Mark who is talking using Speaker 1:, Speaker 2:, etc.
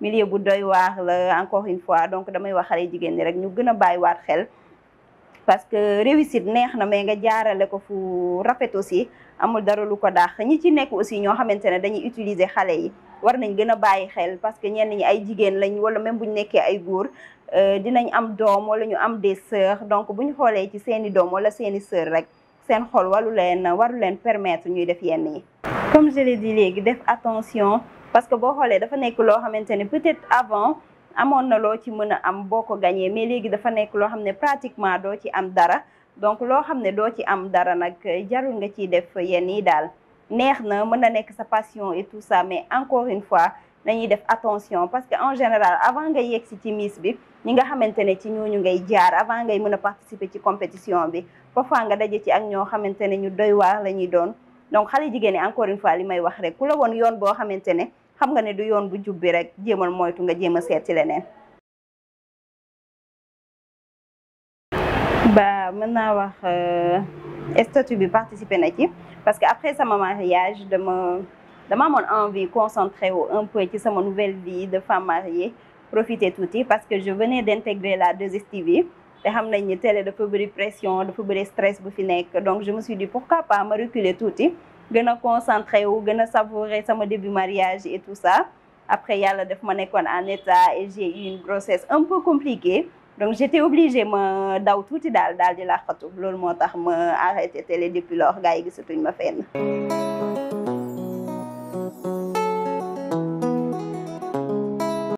Speaker 1: milieu bu doy wax la encore une fois donc damay wax xale jigéen ñi rek ñu gëna a waat xel parce que réussite neex na mais nga jaarale ko fu rafet aussi amul dara lu ko dakh ñi ci nekk aussi ño xamantene dañuy utiliser xalé yi war nañ gëna a xel parce que ñen ñi ay jigéen lañ wala même buñu nekké ay euh dinañ am doom wala ñu am des sœurs donc buñu xolé ci seeni doom wala seeni sœur rek seen xol walu leen waru leen permettre ñuy def yenn yi. comme je l'ai dit léegi def attention parce que bo xolé dafa nek lo xamante peut-être avant amoon na lo ci meuna am boko gagner mais légui dafa nek lo xam pratiquement do ci am dara donc lo xam do ci am dara nak jarul nga ci def yenn dal neexna meuna nek sa passion et tout ça mais encore une fois nañuy def attention parce que en général avant nga yex ci Miss bi ni nga xamantene ci ñooñu ngay jaar avant ngay mën participer ci compétition bi parfois nga dajé ci ak ñoo xamantene ñu doy waar lañuy doon donc xale jigéen encore une fois li may wax rek kula won woon yoon boo xamante xam nga ne du yoon bu jubbi rek jéemal moytu nga jéem a seet leneen. ba mën naa wax euh, statut bi participer na ci parce que après sama mariage dama dama amoon envie concentré wu un peu ci sama nouvelle vie de femme mariée profiter tuuti parce que je venais d'intégrer la 2STV. te xam nañ ni télé dafa bëri pression dafa bëri stress bu fi nekk donc je me suis dit pourquoi pas ma reculer tuuti gëna concentré wu gëna savourer sama début mariage et tout ça après yalla def ma nekkoon en état et j'ai eu une grossesse un peu compliquée donc j'étais obligée ma daw touti dal dal di la loolu lool motax ma arrêté télé depuis lors gars ma fenn